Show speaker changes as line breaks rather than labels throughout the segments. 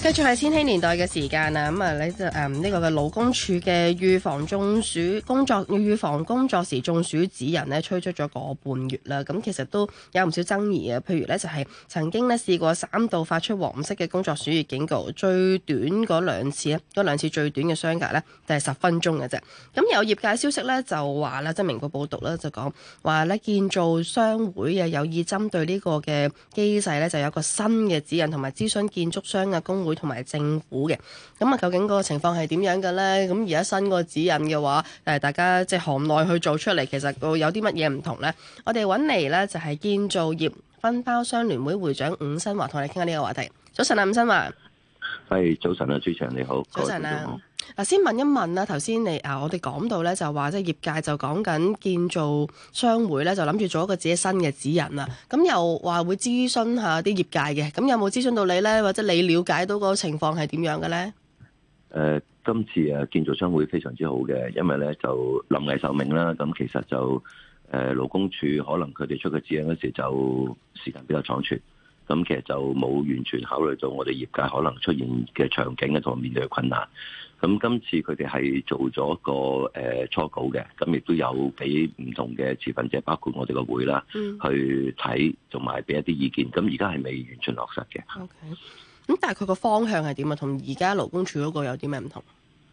繼續係千禧年代嘅時間啊，咁啊，你就誒呢個嘅勞工處嘅預防中暑工作預防工作時中暑指引咧，推出咗個半月啦。咁其實都有唔少爭議啊。譬如咧就係曾經咧試過三度發出黃色嘅工作暑熱警告，最短嗰兩次咧，嗰兩次最短嘅相隔咧，就係十分鐘嘅啫。咁有業界消息咧就話咧，即、就、係、是《明報》報道咧就講話咧建造商會有意針對呢個嘅機制咧，就有個新嘅指引同埋諮詢建築商嘅工會。同埋政府嘅，咁啊究竟嗰個情況係點樣嘅呢？咁而家新個指引嘅話，誒，大家即係行內去做出嚟，其實有有啲乜嘢唔同呢？我哋揾嚟，呢就係建造業分包商聯會會長伍新華同我哋傾下呢個話題。早晨啊，伍新華，
係早晨啊，主持，你好，早晨安啊。
嗱，先問一問啦。頭先你啊，我哋講到咧，就話即係業界就講緊建造商會咧，就諗住做一個自己新嘅指引啦。咁又話會諮詢下啲業界嘅，咁有冇諮詢到你咧？或者你了解到個情況係點樣嘅咧？
誒、呃，今次誒建造商會非常之好嘅，因為咧就臨危受命啦。咁其實就誒、呃、勞工處可能佢哋出個指引嗰時候就時間比較倉促，咁其實就冇完全考慮到我哋業界可能出現嘅場景嘅同面對嘅困難。咁今次佢哋係做咗個誒初稿嘅，咁亦都有俾唔同嘅持份者，包括我哋個會啦，嗯、去睇同埋俾一啲意見。咁而家係未完全落實嘅。O K.
咁但係佢個方向係點啊？同而家勞工處嗰個有啲咩唔同？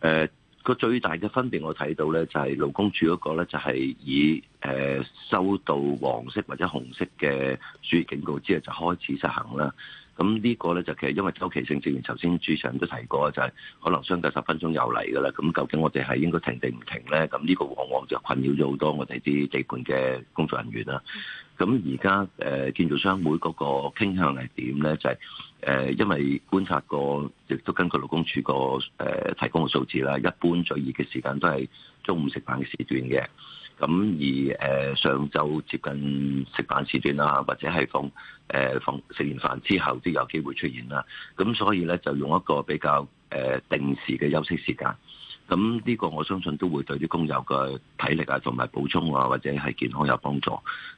誒個、呃、最大嘅分別我睇到咧，就係勞工處嗰個咧，就係以誒收到黃色或者紅色嘅暑熱警告之後就開始執行啦。咁呢個呢，就其實因為周期性，正如頭先主席都提過，就係可能相隔十分鐘又嚟噶啦。咁究竟我哋係應該停定唔停呢？咁呢個往往就困擾咗好多我哋啲地盤嘅工作人員啦。咁而家建造商會嗰個傾向係點呢？就係因為觀察過，亦都根據勞工處個誒提供嘅數字啦，一般最熱嘅時間都係中午食飯嘅時段嘅。咁而誒上晝接近食飯時段啦，或者係放誒放食完飯之後，都有機會出現啦。咁所以咧，就用一個比較誒定時嘅休息時間。咁呢個我相信都會對啲工友嘅體力啊，同埋補充啊，或者係健康有幫助。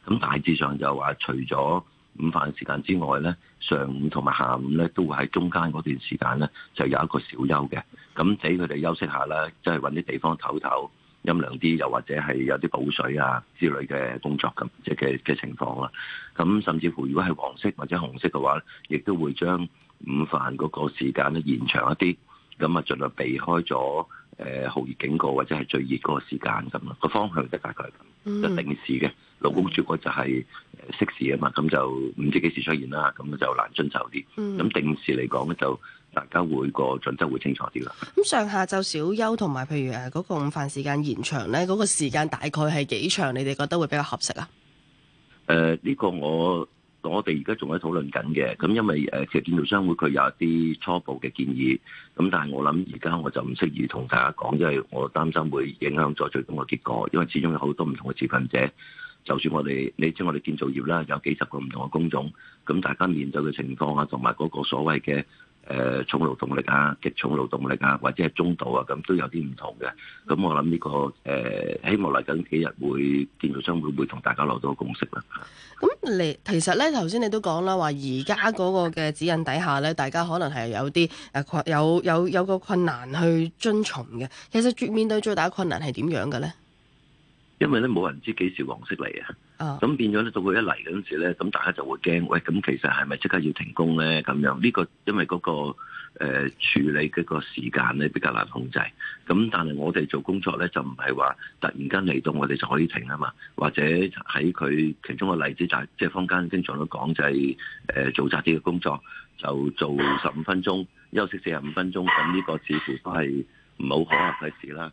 咁大致上就話，除咗午飯時間之外咧，上午同埋下午咧，都會喺中間嗰段時間咧，就有一個小休嘅。咁俾佢哋休息下啦，即係搵啲地方唞唞。陰涼啲，又或者係有啲補水啊之類嘅工作咁，即嘅嘅情況啦。咁甚至乎如果係黃色或者紅色嘅話，亦都會將午飯嗰個時間咧延長一啲。咁啊，盡量避開咗誒酷熱警告或者係最熱嗰個時間咁，個方向就大概係咁，即、嗯、定時嘅。勞工處嗰就係適時啊嘛，咁、嗯、就唔知幾時出現啦，咁就難遵守啲。咁、嗯、定時嚟講咧，就大家會、那個準則會清楚啲啦。咁
上下晝小休同埋，譬如誒嗰、嗰個午飯時間延長咧，嗰、嗰個時間大概係幾長？你哋覺得會比較合適啊？誒、呃，呢、
呢個我。我哋而家仲喺討論緊嘅，咁因為誒，其實建造商會佢有一啲初步嘅建議，咁但係我諗而家我就唔適宜同大家講，因為我擔心會影響咗最終嘅結果，因為始終有好多唔同嘅持份者，就算我哋你知我哋建造業啦，有幾十個唔同嘅工種，咁大家面對嘅情況啊，同埋嗰個所謂嘅。誒、呃、重勞動力啊，極重勞動力啊，或者係中度啊，咁都有啲唔同嘅。咁我諗呢、呢個誒、呃，希望嚟緊幾日會見到商會會同大家攞到個共識啦。
咁你其實咧，頭先你都講啦，話而家嗰個嘅指引底下咧，大家可能係有啲誒困，有有有個困難去遵從嘅。其實面面對最大困難係點樣嘅咧？
因為咧，冇人知幾時黃色嚟啊！咁變咗咧，到佢一嚟嗰陣時咧，咁大家就會驚，喂，咁其實係咪即刻要停工咧？咁樣呢個因為嗰個、呃、處理嗰個時間咧，比較難控制。咁但係我哋做工作咧，就唔係話突然間嚟到，我哋就可以停啊嘛。或者喺佢其中嘅例子就係，即係坊間經常都講就係、呃、做雜啲嘅工作就做十五分鐘，休息四十五分鐘。咁呢個似乎都係唔好可能嘅事啦。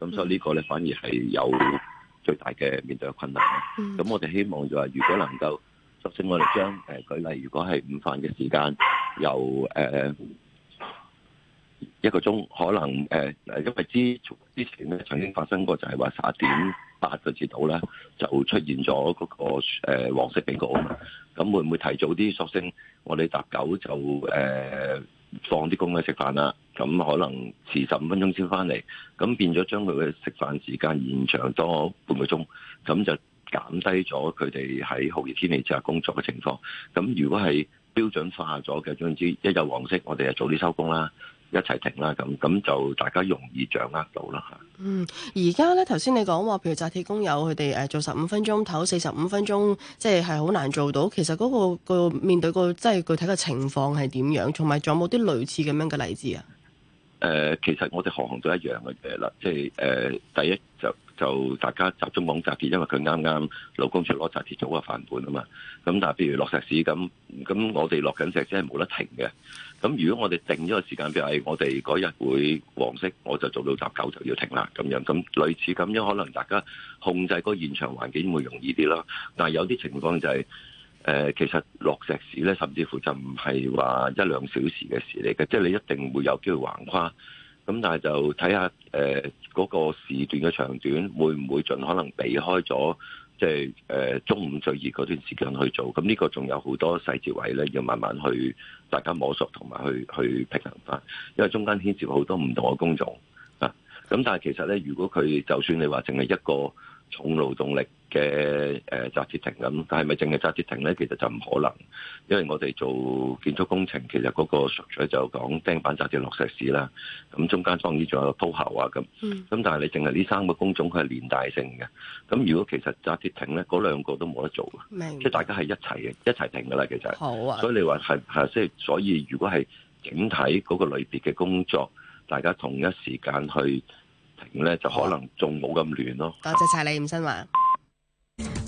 咁所以個呢個咧反而係有最大嘅面對嘅困難，咁、嗯、我哋希望就話如果能夠，索性我哋將誒舉例，如果係午飯嘅時間，由誒、呃、一個鐘，可能誒誒、呃，因為之之前咧曾經發生過，就係話十點八個字度咧就出現咗嗰個誒黃色警告。啊，咁會唔會提早啲？索性我哋搭九就誒、呃、放啲工仔食飯啦。咁可能遲十五分鐘先翻嚟，咁變咗將佢嘅食飯時間延長多半個鐘，咁就減低咗佢哋喺酷熱天氣之下工作嘅情況。咁如果係標準化咗嘅，總之，一有黃色，我哋就早啲收工啦，一齊停啦，咁咁就大家容易掌握到啦。嚇，嗯，
而家呢，頭先你講話，譬如紮鐵工友佢哋誒做十五分鐘唞四十五分鐘，即係係好難做到。其實嗰、個面對、個即係、即係、具體嘅情況係點樣，同埋仲有冇啲類似咁樣嘅例子啊？
誒、呃，其實我哋行行都一樣嘅嘢啦，即係誒，第一就就大家集中講紮鐵，因為佢啱啱勞工處攞紮鐵組個範本啊嘛。咁但係譬如落石屎咁，咁我哋落緊石真係冇得停嘅。咁如果我哋定咗個時間，譬、哎、如我哋嗰日會黃色，我就做到集九就要停啦。咁樣咁類似咁樣，可能大家控制個個現場環境會容易啲啦。但係有啲情況就係、是。誒，其實落石屎咧，甚至乎就唔係話一兩小時嘅事嚟嘅，即係你一定會有機會橫跨。咁但係就睇下誒嗰個時段嘅長短，會唔會盡可能避開咗即係誒中午最熱嗰段時間去做？咁呢個仲有好多細節位咧，要慢慢去大家摸索同埋去去平衡翻，因為中間牽涉好多唔同嘅工種啊。咁但係其實咧，如果佢就算你話淨係一個。重勞動力嘅誒紮鐵停咁，但係咪淨係紮鐵停呢？其實就唔可能，因為我哋做建築工程，其實嗰個常在就講釘板紮鐵落石屎啦。咁中間當然仲有鋪喉啊咁。嗯、但係你淨係呢三個工種，佢係連帶性嘅。咁如果其實紮鐵停呢，嗰兩個都冇得做嘅，白即係大家係一齊嘅，一齊停㗎啦。其實，好啊、所以你話係，所以如果係整體嗰個類別嘅工作，大家同一時間去。咧就可能仲冇咁亂咯。
多謝晒你，伍新華。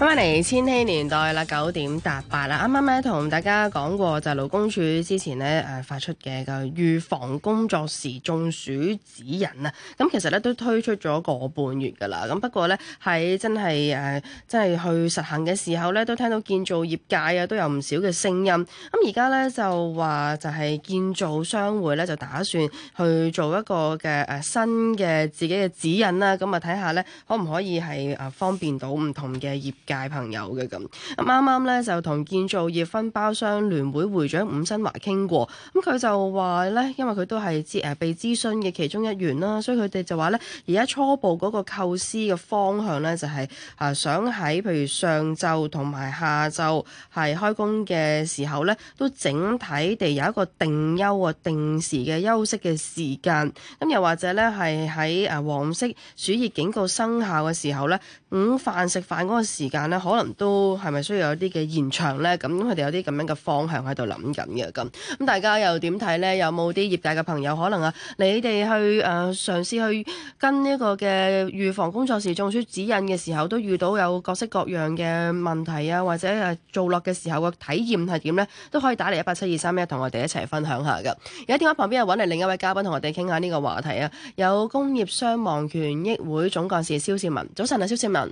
返嚟千禧年代啦，九點搭八啦。啱啱咧同大家講過，就勞工處之前咧誒發出嘅個預防工作時中暑指引啊。咁其實咧都推出咗個半月噶啦。咁不過咧喺真係誒真係去實行嘅時候咧，都聽到建造業界啊都有唔少嘅聲音。咁而家咧就話就係建造商會咧就打算去做一個嘅誒新嘅自己嘅指引啦。咁啊睇下咧可唔可以係啊方便到唔同嘅業界。界朋友嘅咁，咁啱啱咧就同建造業分包商聯會會會長伍新華傾過，咁佢就話咧，因為佢都係接誒被諮詢嘅其中一員啦，所以佢哋就話咧，而家初步嗰個構思嘅方向咧，就係啊想喺譬如上晝同埋下晝係開工嘅時候咧，都整體地有一個定休啊定時嘅休息嘅時間，咁又或者咧係喺黃色暑熱警告生效嘅時候咧，午飯食飯嗰個時間。但可能都係咪需要有啲嘅延長咧？咁佢哋有啲咁樣嘅方向喺度諗緊嘅咁。咁大家又點睇咧？有冇啲業界嘅朋友可能啊？你哋去誒嘗試去跟呢一個嘅預防工作時中暑指引嘅時候，都遇到有各式各樣嘅問題啊，或者係做落嘅時候嘅體驗係點咧？都可以打嚟一八七二三一，同我哋一齊分享下㗎。而家電話旁邊又搵嚟另一位嘉賓，同我哋傾下呢個話題啊。有工業傷亡權益會總幹事蕭倩文，早晨啊，蕭倩文。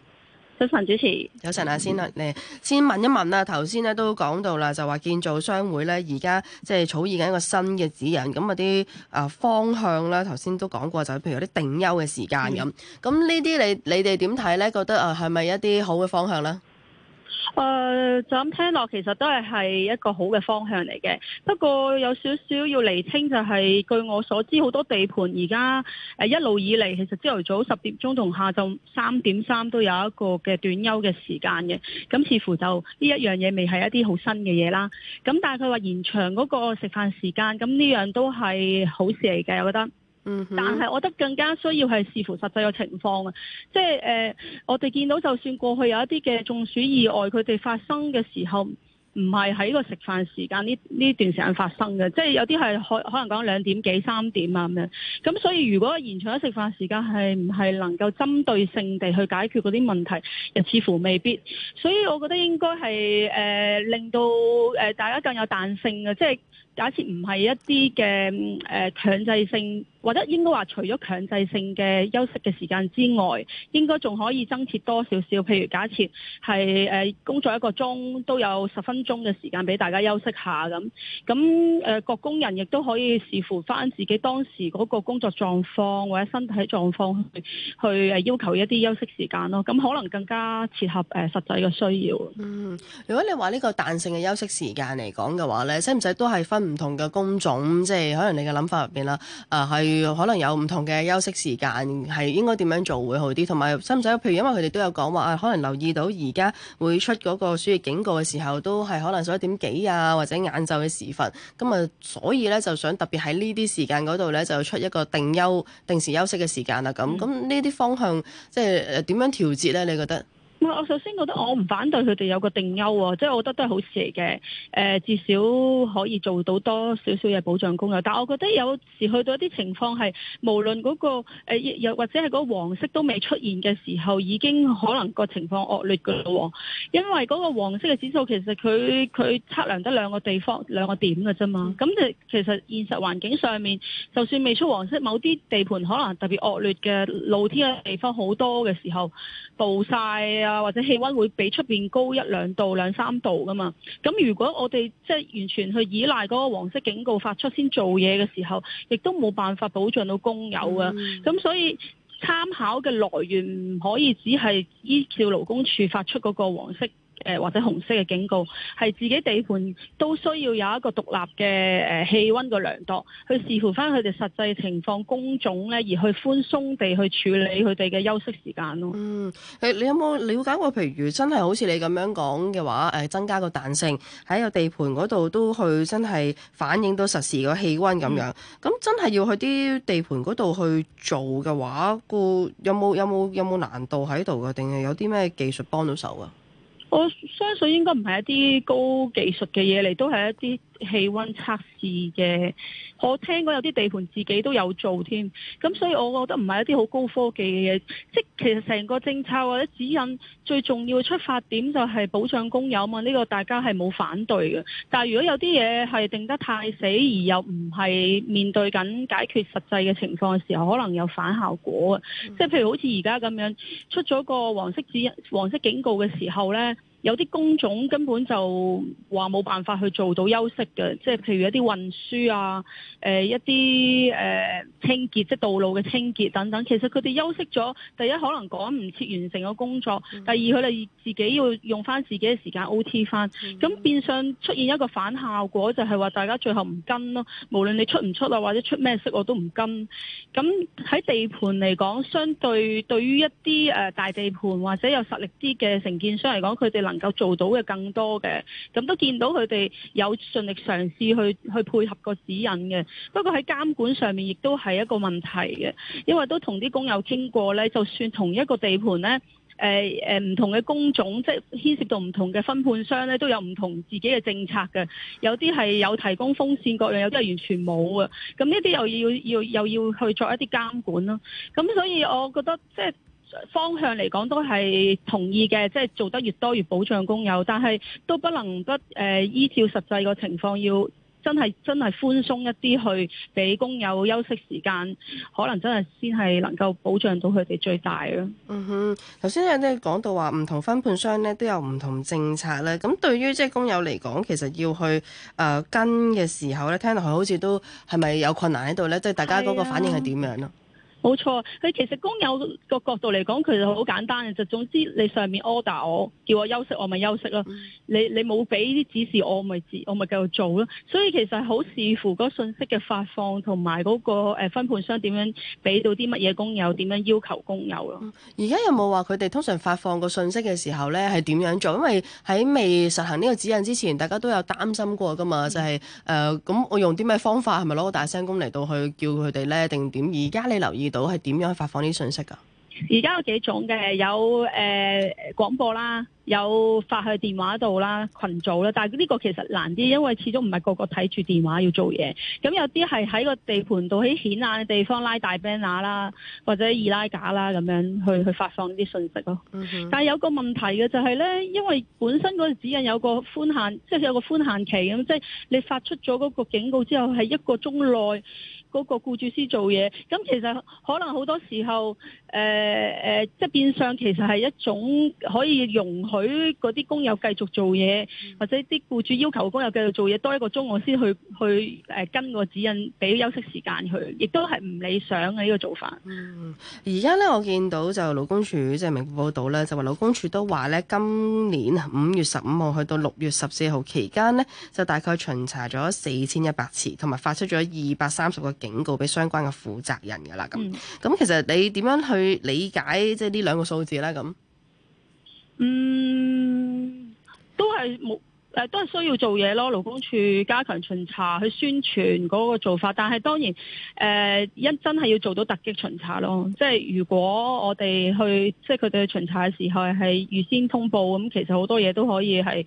早晨，主持。早晨啊，先你先問一問啦。頭先咧都講到啦，就話建造商會咧，而家即係草擬緊一個新嘅指引，咁啊啲啊方向啦，頭先都講過，就譬如有啲定休嘅時間咁。咁呢啲你你哋點睇咧？覺得啊，係咪一啲好嘅方向咧？
誒、呃，就咁聽落，其實都係係一個好嘅方向嚟嘅。不過有少少要釐清，就係，就係據我所知，好多地盤而家誒一路以嚟，其實朝頭早十點鐘同下晝三點三，都有一個嘅短休嘅時間嘅。咁似乎就呢一樣嘢未係一啲好新嘅嘢啦。咁但係佢話延長嗰個食飯時間，咁呢樣都係好事嚟嘅，我覺得。嗯，但係我覺得更加需要係視乎實際嘅情況啊，即係呃，我哋見到就算過去有一啲嘅中暑意外，佢哋發生嘅時候唔係喺個食飯時間呢呢段時間發生嘅，即係有啲係可可能講兩點幾、三點啊咁樣。咁所以如果延長咗食飯時間係唔係能夠針對性地去解決嗰啲問題，又似乎未必。所以我覺得應該係、呃、令到、呃、大家更有彈性嘅，即係假設唔係一啲嘅誒強制性。或者應該話，除咗強制性嘅休息嘅時間之外，應該仲可以增設多少少，譬如假設係誒工作一個鐘都有十分鐘嘅時間俾大家休息下咁。咁誒各工人亦都可以視乎翻自己當時嗰個工作狀況或者身體狀況去去誒要求一啲休息時間咯。咁可能更加切合誒實際嘅需要。嗯，如果你話呢個
彈性嘅休息時間嚟講嘅話咧，使唔使都係分唔同嘅工種？即係可能你嘅諗法入邊啦，誒、啊、係。可能有唔同嘅休息時間，係應該點樣做會好啲？同埋，使唔使？譬如因為佢哋都有講話、啊，可能留意到而家會出嗰個暑熱警告嘅時候，都係可能十一點幾啊，或者晏晝嘅時分。咁啊，所以咧就想特別喺呢啲時間嗰度咧，就出一個定休、定時休息嘅時間喇。咁咁呢啲方向，即係點樣調節咧？你覺得？
我首先覺得我唔反對佢哋有個定鈎喎、哦，即、就、係、是、我覺得都係好事嚟嘅。至少可以做到多少少嘅保障工啊。但我覺得有時去到一啲情況係，無論嗰、那個又、呃、或者係嗰黃色都未出現嘅時候，已經可能個情況惡劣㗎喎、哦。因為嗰個黃色嘅指數其實佢佢測量得兩個地方兩個點㗎啫嘛。咁就其實現實環境上面，就算未出黃色，某啲地盤可能特別惡劣嘅露天嘅地方好多嘅時候暴曬、啊。啊，或者氣温會比出面高一兩度、兩三度噶嘛？咁如果我哋即係完全去依賴嗰個黃色警告發出先做嘢嘅時候，亦都冇辦法保障到工友啊。咁所以參考嘅來源唔可以只係依照勞工處發出嗰個黃色。誒，或者紅色嘅警告係自己地盤都需要有一個獨立嘅誒氣温嘅量度去視乎翻佢哋實際情況工種咧，而去寬鬆地去處理佢哋嘅休息時間咯。嗯，誒，
你有冇了解過？譬如真係好似你咁樣講嘅話，誒、呃、增加個彈性喺個地盤嗰度都去真係反映到實時個氣温咁樣。咁、嗯、真係要去啲地盤嗰度去做嘅話，個有冇有冇有冇難度喺度噶？定係有啲咩技術幫到手啊？
我相信應該唔係一啲高技術嘅嘢嚟，都係一啲氣温測試嘅，我聽過有啲地盤自己都有做添，咁所以我覺得唔係一啲好高科技嘅嘢，即係其實成個政策或者指引最重要出發點就係保障工友嘛，呢個大家係冇反對嘅。但係如果有啲嘢係定得太死，而又唔係面對緊解決實際嘅情況嘅時候，可能有反效果啊。即係譬如好似而家咁樣出咗個黃色指引、黃色警告嘅時候呢。有啲工種根本就話冇辦法去做到休息嘅，即係譬如一啲運輸啊，呃、一啲、呃、清潔，即係道路嘅清潔等等。其實佢哋休息咗，第一可能趕唔切完成個工作，第二佢哋自己要用翻自己嘅時間 O.T. 翻，咁變相出現一個反效果，就係話大家最後唔跟咯。無論你出唔出啊，或者出咩色我都唔跟。咁喺地盤嚟講，相對對於一啲大地盤或者有實力啲嘅承建商嚟講，佢哋能夠做到嘅更多嘅，咁都見到佢哋有盡力嘗試去去配合個指引嘅。不過喺監管上面亦都係一個問題嘅，因為都同啲工友傾過呢。就算同一個地盤呢，誒誒唔同嘅工種，即係牽涉到唔同嘅分判商呢，都有唔同自己嘅政策嘅。有啲係有提供風扇各樣，有啲係完全冇啊。咁呢啲又要要又要去做一啲監管咯。咁所以我覺得即係。方向嚟講都係同意嘅，即係做得越多越保障工友，但係都不能不誒依照實際個情況，要真係真係寬鬆一啲去俾工友休息時間，可能真係先係能夠保障到佢哋最大咯。嗯
哼，頭先有啲講到話唔同分判商咧都有唔同政策咧，咁對於即係工友嚟講，其實要去誒跟嘅時候咧，聽落去好似都係咪有困難喺度咧？即係大家嗰個反應係點樣咯？
冇錯，佢其實工友個角度嚟講，佢就好簡單嘅，就總之你上面 order 我，叫我休息，我咪休息咯，嗯。你你冇俾啲指示，我咪自我咪繼續做咯。所以其實好視乎嗰信息嘅發放同埋嗰個誒分判商點樣俾到啲乜嘢工友，點樣要求工友咯。
而家有冇話佢哋通常發放個信息嘅時候咧，係點樣做？因為喺未實行呢個指引之前，大家都有擔心過噶嘛，就係誒咁我用啲咩方法，係咪攞個大聲公嚟到去叫佢哋咧，定點？而家你留意到。我係點樣去發放呢啲信息噶？
而家有幾種嘅，有誒廣播啦，有發去電話度啦，群組啦。但係呢個其實難啲，因為始終唔係個個睇住電話要做嘢。咁有啲係喺個地盤度，喺顯眼嘅地方拉大 banner 啦，或者二拉架啦，咁樣去去發放啲信息咯。Mm hmm. 但係有個問題嘅就係呢，因為本身嗰個指引有個寬限，即係有個寬限期咁，即係你發出咗嗰個警告之後，係一個鐘內。嗰個僱主師做嘢，咁其實可能好多時候，誒、呃、誒、呃，即係變相其實係一種可以容許嗰啲工友繼續做嘢，或者啲僱主要求個工友繼續做嘢多一個鐘，我先去去誒跟個指引俾休息時間佢，亦都係唔理想嘅呢個做法。而家、嗯、呢，
我見到就勞工處即係明報道呢，就話勞工處都話呢，今年五月十五號去到六月十四號期間呢，就大概巡查咗四千一百次，同埋發出咗二百三十個警告俾相關嘅負責人㗎喇，咁咁、嗯、其實你點樣去理解即係呢兩個數字呢？咁嗯，
都係冇誒，都係需要做嘢咯。勞工處加強巡查，去宣傳嗰個做法，但係當然誒，一、呃、真係要做到突擊巡查咯。即係如果我哋去即係佢哋去巡查嘅時候係預先通報，咁、嗯、其實好多嘢都可以係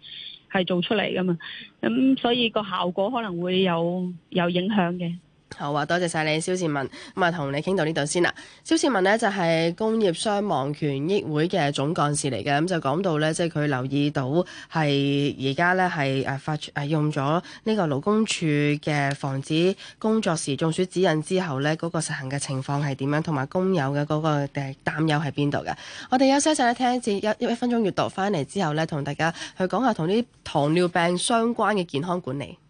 係做出嚟㗎嘛。咁、嗯、所以個效果可能會有有影
響嘅。好啊，多謝晒你，蕭倩文咁啊，同你傾到呢度先啦。蕭倩文呢，就係工業傷亡權益會嘅總幹事嚟嘅，咁就講到咧，即係佢留意到係而家咧係誒發誒用咗呢個勞工處嘅防止工作時中暑指引之後咧，嗰個實行嘅情況係點樣？同埋工友嘅嗰個誒擔憂係邊度嘅。我哋休息一陣咧，聽一次一一分鐘閱讀翻嚟之後咧，同大家去講下同啲糖尿病相關嘅健康管理。